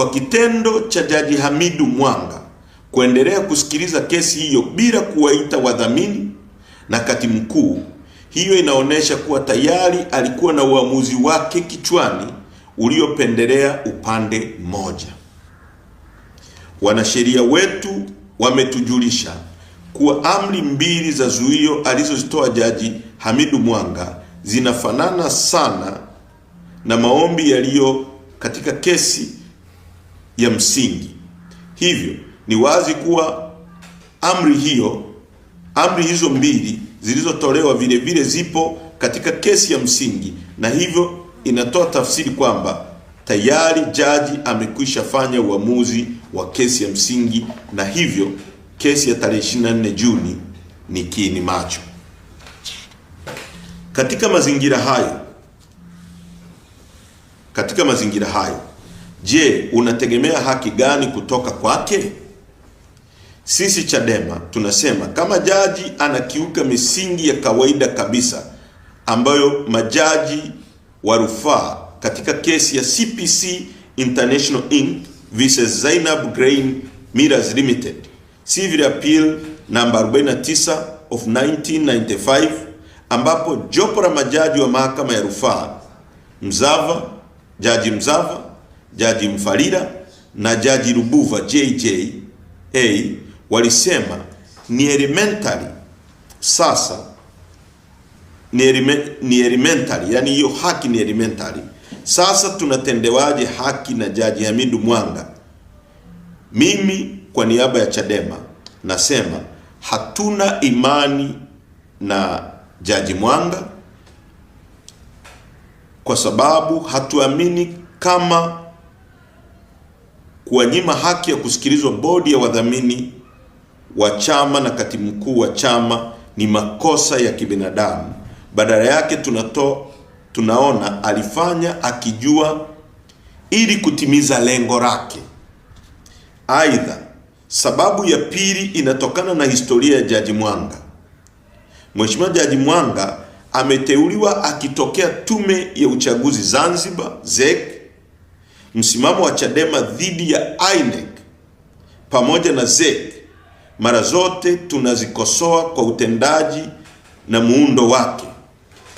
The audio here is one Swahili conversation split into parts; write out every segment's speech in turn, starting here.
kwa kitendo cha Jaji Hamidu Mwanga kuendelea kusikiliza kesi hiyo bila kuwaita wadhamini na kati mkuu, hiyo inaonyesha kuwa tayari alikuwa na uamuzi wake kichwani uliopendelea upande mmoja. Wanasheria wetu wametujulisha kuwa amri mbili za zuio alizozitoa Jaji Hamidu Mwanga zinafanana sana na maombi yaliyo katika kesi ya msingi. Hivyo ni wazi kuwa amri hiyo, amri hizo mbili zilizotolewa vile vile zipo katika kesi ya msingi, na hivyo inatoa tafsiri kwamba tayari jaji amekwisha fanya uamuzi wa kesi ya msingi, na hivyo kesi ya tarehe 24 Juni ni kiini macho. Katika mazingira hayo, katika mazingira hayo Je, unategemea haki gani kutoka kwake? Sisi Chadema tunasema kama jaji anakiuka misingi ya kawaida kabisa ambayo majaji wa rufaa katika kesi ya CPC International Inc vs Zainab Grain Mirrors Limited Civil Appeal number 49 of 1995 ambapo jopo la majaji wa mahakama ya rufaa Mzava, jaji Mzava Jaji Mfalila na Jaji Lubuva JJA walisema ni elementary sasa ni, elime, ni elementary yani, hiyo haki ni elementary sasa. Tunatendewaje haki na Jaji Hamidu Mwanga? Mimi kwa niaba ya Chadema nasema hatuna imani na Jaji Mwanga kwa sababu hatuamini kama kuwanyima haki ya kusikilizwa bodi ya wadhamini wa chama na katibu mkuu wa chama ni makosa ya kibinadamu. Badala yake tunato, tunaona alifanya akijua ili kutimiza lengo lake. Aidha, sababu ya pili inatokana na historia ya Jaji Mwanga. Mheshimiwa Jaji Mwanga ameteuliwa akitokea Tume ya Uchaguzi Zanzibar ZEC Msimamo wa Chadema dhidi ya INEC pamoja na ZEC mara zote tunazikosoa kwa utendaji na muundo wake.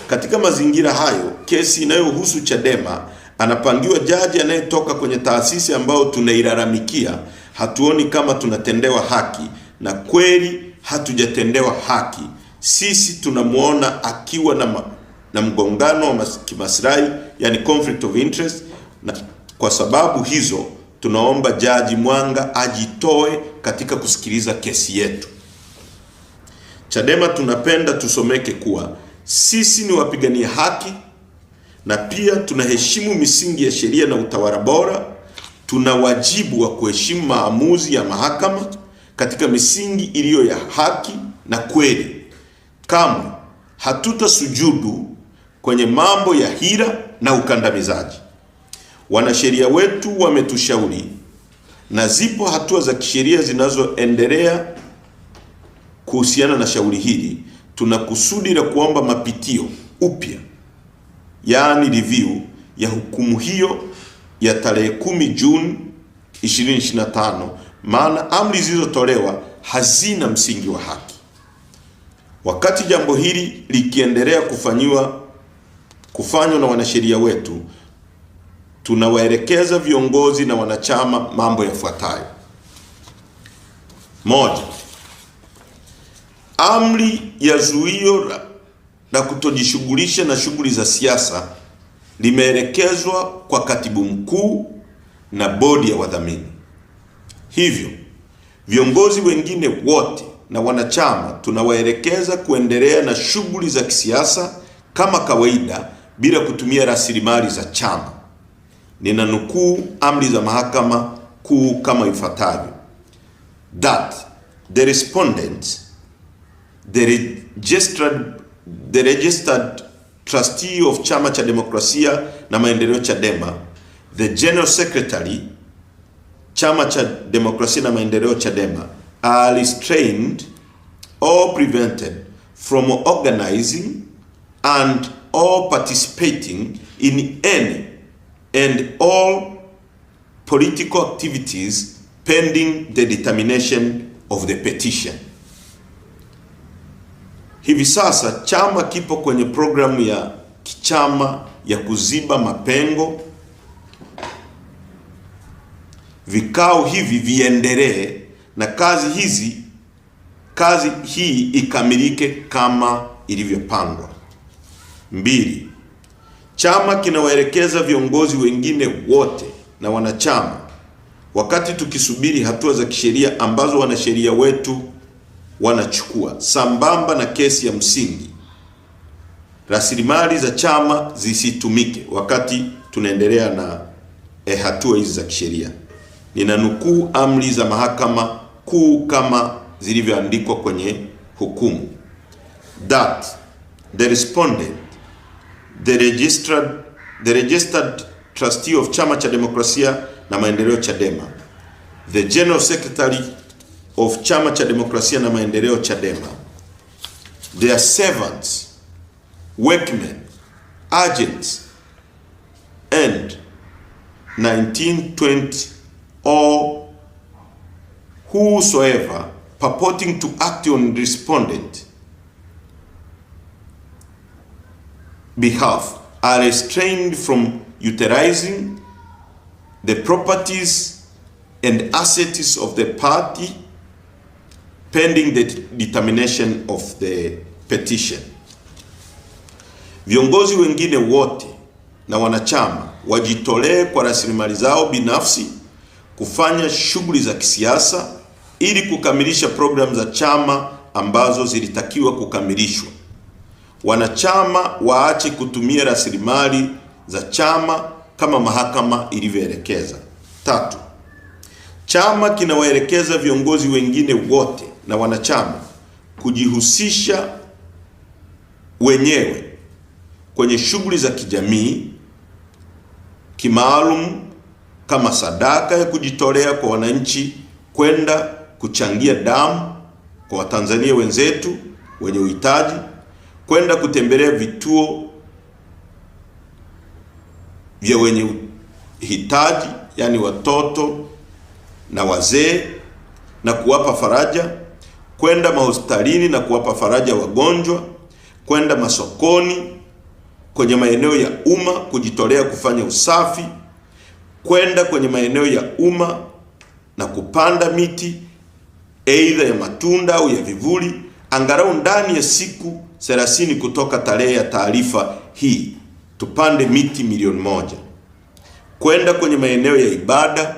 Katika mazingira hayo, kesi inayohusu Chadema anapangiwa jaji anayetoka kwenye taasisi ambayo tunailalamikia. Hatuoni kama tunatendewa haki, na kweli hatujatendewa haki. Sisi tunamwona akiwa na, na mgongano wa kimasilahi, yani conflict of interest na kwa sababu hizo tunaomba Jaji Mwanga ajitoe katika kusikiliza kesi yetu. Chadema tunapenda tusomeke kuwa sisi ni wapigania haki na pia tunaheshimu misingi ya sheria na utawala bora. Tuna wajibu wa kuheshimu maamuzi ya mahakama katika misingi iliyo ya haki na kweli. Kamwe hatutasujudu kwenye mambo ya hila na ukandamizaji. Wanasheria wetu wametushauri na zipo hatua za kisheria zinazoendelea kuhusiana na shauri hili. Tuna kusudi la kuomba mapitio upya, yaani review ya hukumu hiyo ya tarehe 10 Juni 2025, maana amri zilizotolewa hazina msingi wa haki. Wakati jambo hili likiendelea kufanywa kufanywa na wanasheria wetu tunawaelekeza viongozi na wanachama mambo yafuatayo: moja, amri ya zuio la, la kutojishughulisha na shughuli za siasa limeelekezwa kwa katibu mkuu na bodi ya wadhamini. Hivyo viongozi wengine wote na wanachama tunawaelekeza kuendelea na shughuli za kisiasa kama kawaida bila kutumia rasilimali za chama ninanukuu amri za mahakama kuu kama ifuatavyo: that the respondent the registered, the registered trustee of chama cha demokrasia na maendeleo Chadema, the general secretary chama cha demokrasia na maendeleo Chadema are restrained or prevented from organizing and or participating in any and all political activities pending the determination of the petition. Hivi sasa chama kipo kwenye programu ya kichama ya kuziba mapengo. Vikao hivi viendelee na kazi hizi kazi hii ikamilike kama ilivyopangwa. Mbili, Chama kinawaelekeza viongozi wengine wote na wanachama, wakati tukisubiri hatua za kisheria ambazo wanasheria wetu wanachukua, sambamba na kesi ya msingi, rasilimali za chama zisitumike wakati tunaendelea na eh, hatua hizi za kisheria. Ninanukuu amri za mahakama kuu kama zilivyoandikwa kwenye hukumu that the respondent the registered, the registered trustee of Chama cha Demokrasia na Maendeleo Chadema, the general secretary of Chama cha Demokrasia na Maendeleo Chadema, their servants, workmen, agents and 1920 or whosoever purporting to act on respondent behalf are restrained from utilizing the properties and assets of the party pending the determination of the petition. Viongozi wengine wote na wanachama wajitolee kwa rasilimali zao binafsi kufanya shughuli za kisiasa ili kukamilisha programu za chama ambazo zilitakiwa kukamilishwa wanachama waache kutumia rasilimali za chama kama mahakama ilivyoelekeza. Tatu, chama kinawaelekeza viongozi wengine wote na wanachama kujihusisha wenyewe kwenye shughuli za kijamii kimaalum kama sadaka ya kujitolea kwa wananchi, kwenda kuchangia damu kwa Watanzania wenzetu wenye uhitaji kwenda kutembelea vituo vya wenye hitaji, yani watoto na wazee, na kuwapa faraja, kwenda mahospitalini na kuwapa faraja wagonjwa, kwenda masokoni, kwenye maeneo ya umma kujitolea kufanya usafi, kwenda kwenye maeneo ya umma na kupanda miti aidha ya matunda au ya vivuli angalau ndani ya siku 30 kutoka tarehe ya taarifa hii, tupande miti milioni moja kwenda kwenye maeneo ya ibada,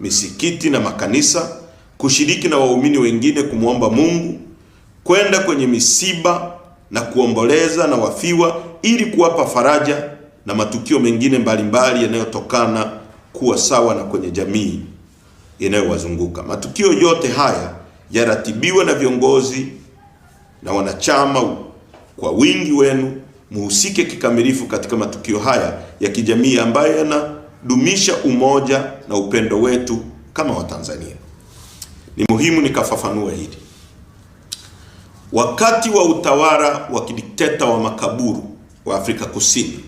misikiti na makanisa, kushiriki na waumini wengine kumwomba Mungu, kwenda kwenye misiba na kuomboleza na wafiwa ili kuwapa faraja na matukio mengine mbalimbali yanayotokana kuwa sawa na kwenye jamii inayowazunguka. Matukio yote haya yaratibiwe na viongozi na wanachama kwa wingi wenu, muhusike kikamilifu katika matukio haya ya kijamii ambayo yanadumisha umoja na upendo wetu kama Watanzania. Ni muhimu nikafafanue hili. Wakati wa utawala wa kidikteta wa makaburu wa Afrika Kusini,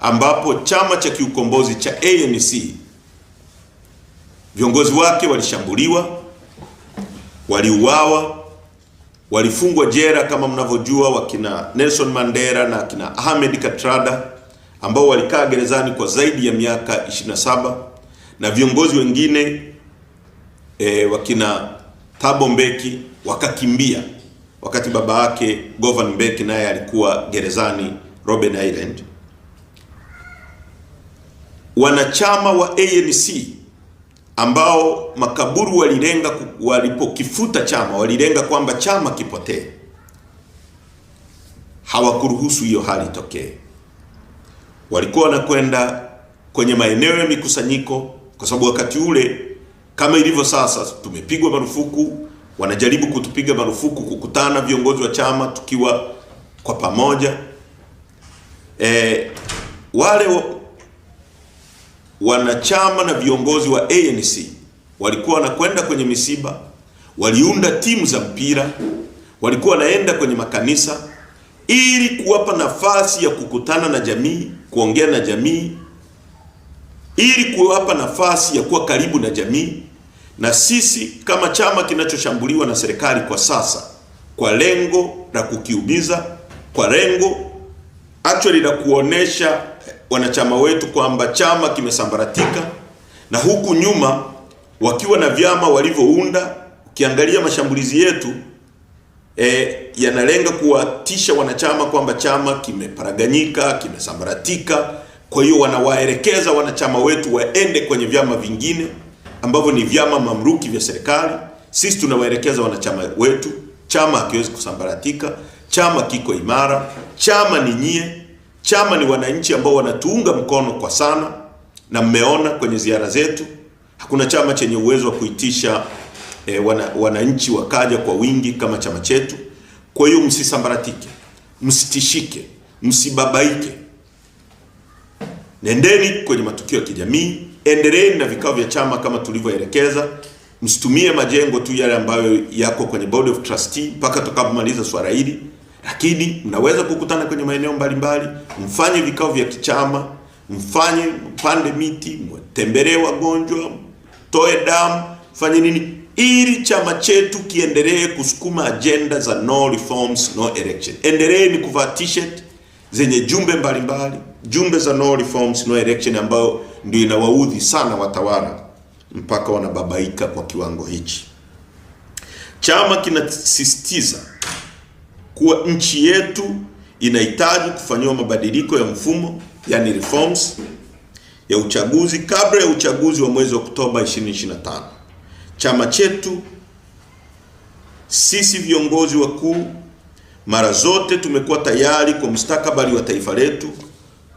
ambapo chama cha kiukombozi cha ANC viongozi wake walishambuliwa waliuawa, walifungwa jela kama mnavyojua, wakina Nelson Mandela na akina Ahmed Katrada ambao walikaa gerezani kwa zaidi ya miaka 27 na viongozi wengine e, wakina Thabo Mbeki wakakimbia wakati baba yake Govan Mbeki naye alikuwa gerezani Robben Island. Wanachama wa ANC ambao makaburu walilenga walipokifuta chama walilenga kwamba chama kipotee. Hawakuruhusu hiyo hali tokee. Walikuwa wanakwenda kwenye maeneo ya mikusanyiko, kwa sababu wakati ule kama ilivyo sasa tumepigwa marufuku, wanajaribu kutupiga marufuku kukutana viongozi wa chama tukiwa kwa pamoja. E, wale wanachama na viongozi wa ANC walikuwa wanakwenda kwenye misiba, waliunda timu za mpira, walikuwa wanaenda kwenye makanisa ili kuwapa nafasi ya kukutana na jamii, kuongea na jamii, ili kuwapa nafasi ya kuwa karibu na jamii. Na sisi kama chama kinachoshambuliwa na serikali kwa sasa, kwa lengo la kukiumiza, kwa lengo actually la kuonesha wanachama wetu kwamba chama kimesambaratika, na huku nyuma wakiwa na vyama walivyounda, ukiangalia mashambulizi yetu e, yanalenga kuwatisha wanachama kwamba chama kimeparaganyika, kimesambaratika. Kwa hiyo wanawaelekeza wanachama wetu waende kwenye vyama vingine ambavyo ni vyama mamluki vya serikali. Sisi tunawaelekeza wanachama wetu, chama hakiwezi kusambaratika, chama kiko imara, chama ni nyie Chama ni wananchi ambao wanatuunga mkono kwa sana, na mmeona kwenye ziara zetu, hakuna chama chenye uwezo wa kuitisha e, wana, wananchi wakaja kwa wingi kama chama chetu. Kwa hiyo msisambaratike, msitishike, msibabaike. Nendeni kwenye matukio ya kijamii, endeleeni na vikao vya chama kama tulivyoelekeza. Msitumie majengo tu yale ambayo yako kwenye board of trustee mpaka tukapomaliza swala hili lakini mnaweza kukutana kwenye maeneo mbalimbali, mfanye vikao vya kichama, mfanye pande miti, mtembelee wagonjwa, toe damu, fanye nini ili chama chetu kiendelee kusukuma ajenda za no reforms no election. Endeleeni kuvaa t-shirt zenye jumbe mbalimbali mbali, jumbe za no reforms no election ambayo ndio inawaudhi sana watawala mpaka wanababaika kwa kiwango hichi. Chama kinasisitiza kuwa nchi yetu inahitaji kufanyiwa mabadiliko ya mfumo, yani reforms ya uchaguzi kabla ya uchaguzi wa mwezi Oktoba 2025. Chama chetu sisi viongozi wakuu mara zote tumekuwa tayari kwa mustakabali wa taifa letu.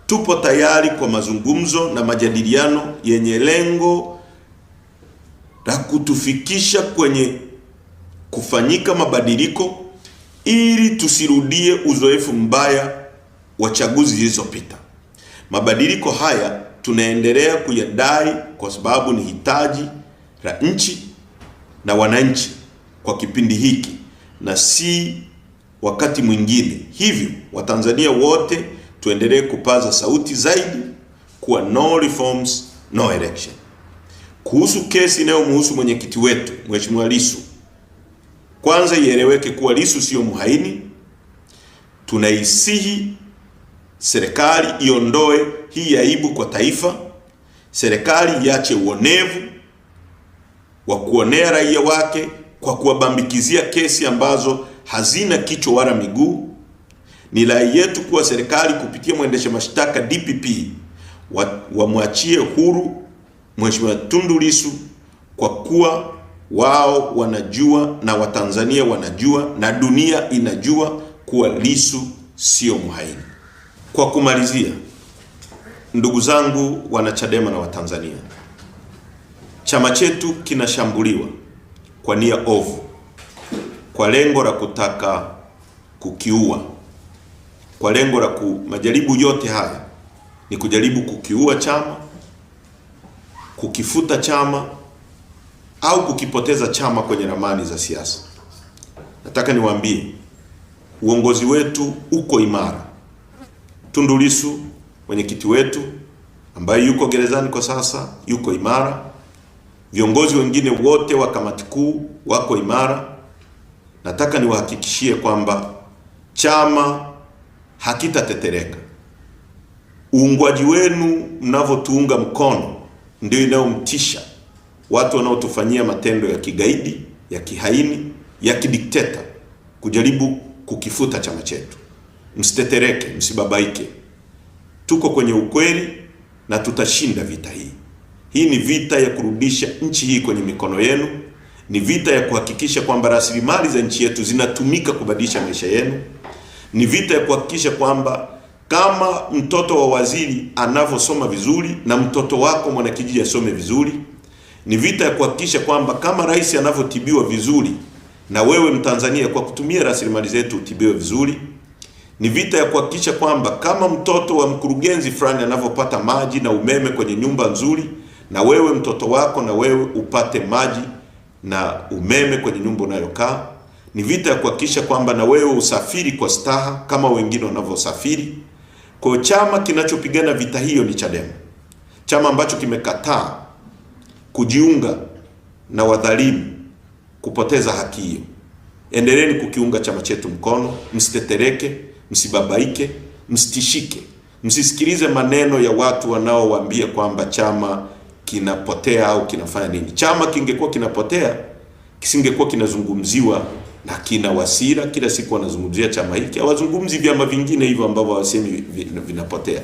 Tupo tayari kwa mazungumzo na majadiliano yenye lengo la kutufikisha kwenye kufanyika mabadiliko ili tusirudie uzoefu mbaya wa chaguzi zilizopita. Mabadiliko haya tunaendelea kuyadai kwa sababu ni hitaji la nchi na wananchi kwa kipindi hiki na si wakati mwingine. Hivyo Watanzania wote tuendelee kupaza sauti zaidi kuwa no reforms, no election. Kuhusu kesi inayomhusu mwenyekiti wetu Mheshimiwa Lissu kwanza ieleweke kuwa Lissu sio mhaini. Tunaisihi serikali iondoe hii aibu kwa taifa. Serikali iache uonevu wa kuonea raia wake kwa kuwabambikizia kesi ambazo hazina kichwa wala miguu. Ni rai yetu kuwa serikali kupitia mwendesha mashtaka DPP wamwachie wa huru Mheshimiwa Tundu Lissu kwa kuwa wao wanajua na Watanzania wanajua na dunia inajua kuwa lisu sio mhaini. Kwa kumalizia, ndugu zangu wanachadema na Watanzania, chama chetu kinashambuliwa kwa nia ovu, kwa lengo la kutaka kukiua, kwa lengo la ku majaribu yote haya ni kujaribu kukiua chama, kukifuta chama au kukipoteza chama kwenye ramani za siasa. Nataka niwaambie uongozi wetu uko imara. Tundu Lissu mwenyekiti wetu ambaye yuko gerezani kwa sasa yuko imara, viongozi wengine wote wa kamati kuu wako imara. Nataka niwahakikishie kwamba chama hakitatetereka. Uungwaji wenu mnavyotuunga mkono ndio inayomtisha watu wanaotufanyia matendo ya kigaidi, ya kihaini, ya kidikteta kujaribu kukifuta chama chetu. Msitetereke, msibabaike, tuko kwenye ukweli na tutashinda vita hii. Hii ni vita ya kurudisha nchi hii kwenye mikono yenu, ni vita ya kuhakikisha kwamba rasilimali za nchi yetu zinatumika kubadilisha maisha yenu, ni vita ya kuhakikisha kwamba kama mtoto wa waziri anavyosoma vizuri na mtoto wako mwanakijiji asome vizuri ni vita ya kuhakikisha kwamba kama rais anavyotibiwa vizuri, na wewe Mtanzania kwa kutumia rasilimali zetu utibiwe vizuri. Ni vita ya kuhakikisha kwamba kama mtoto wa mkurugenzi fulani anavyopata maji na umeme kwenye nyumba nzuri, na wewe mtoto wako na wewe upate maji na umeme kwenye nyumba unayokaa. Ni vita ya kuhakikisha kwamba na wewe usafiri kwa staha kama wengine wanavyosafiri. Kwa chama kinachopigana vita hiyo ni Chadema, chama ambacho kimekataa kujiunga na wadhalimu kupoteza haki hiyo. Endeleeni kukiunga chama chetu mkono, msitetereke, msibabaike, msitishike, msisikilize maneno ya watu wanaowaambia kwamba chama kinapotea au kinafanya nini. Chama kingekuwa kinapotea kisingekuwa kinazungumziwa na kina Wasira kila siku wanazungumzia chama hiki, hawazungumzi vyama vingine hivyo ambavyo hawasemi vinapotea.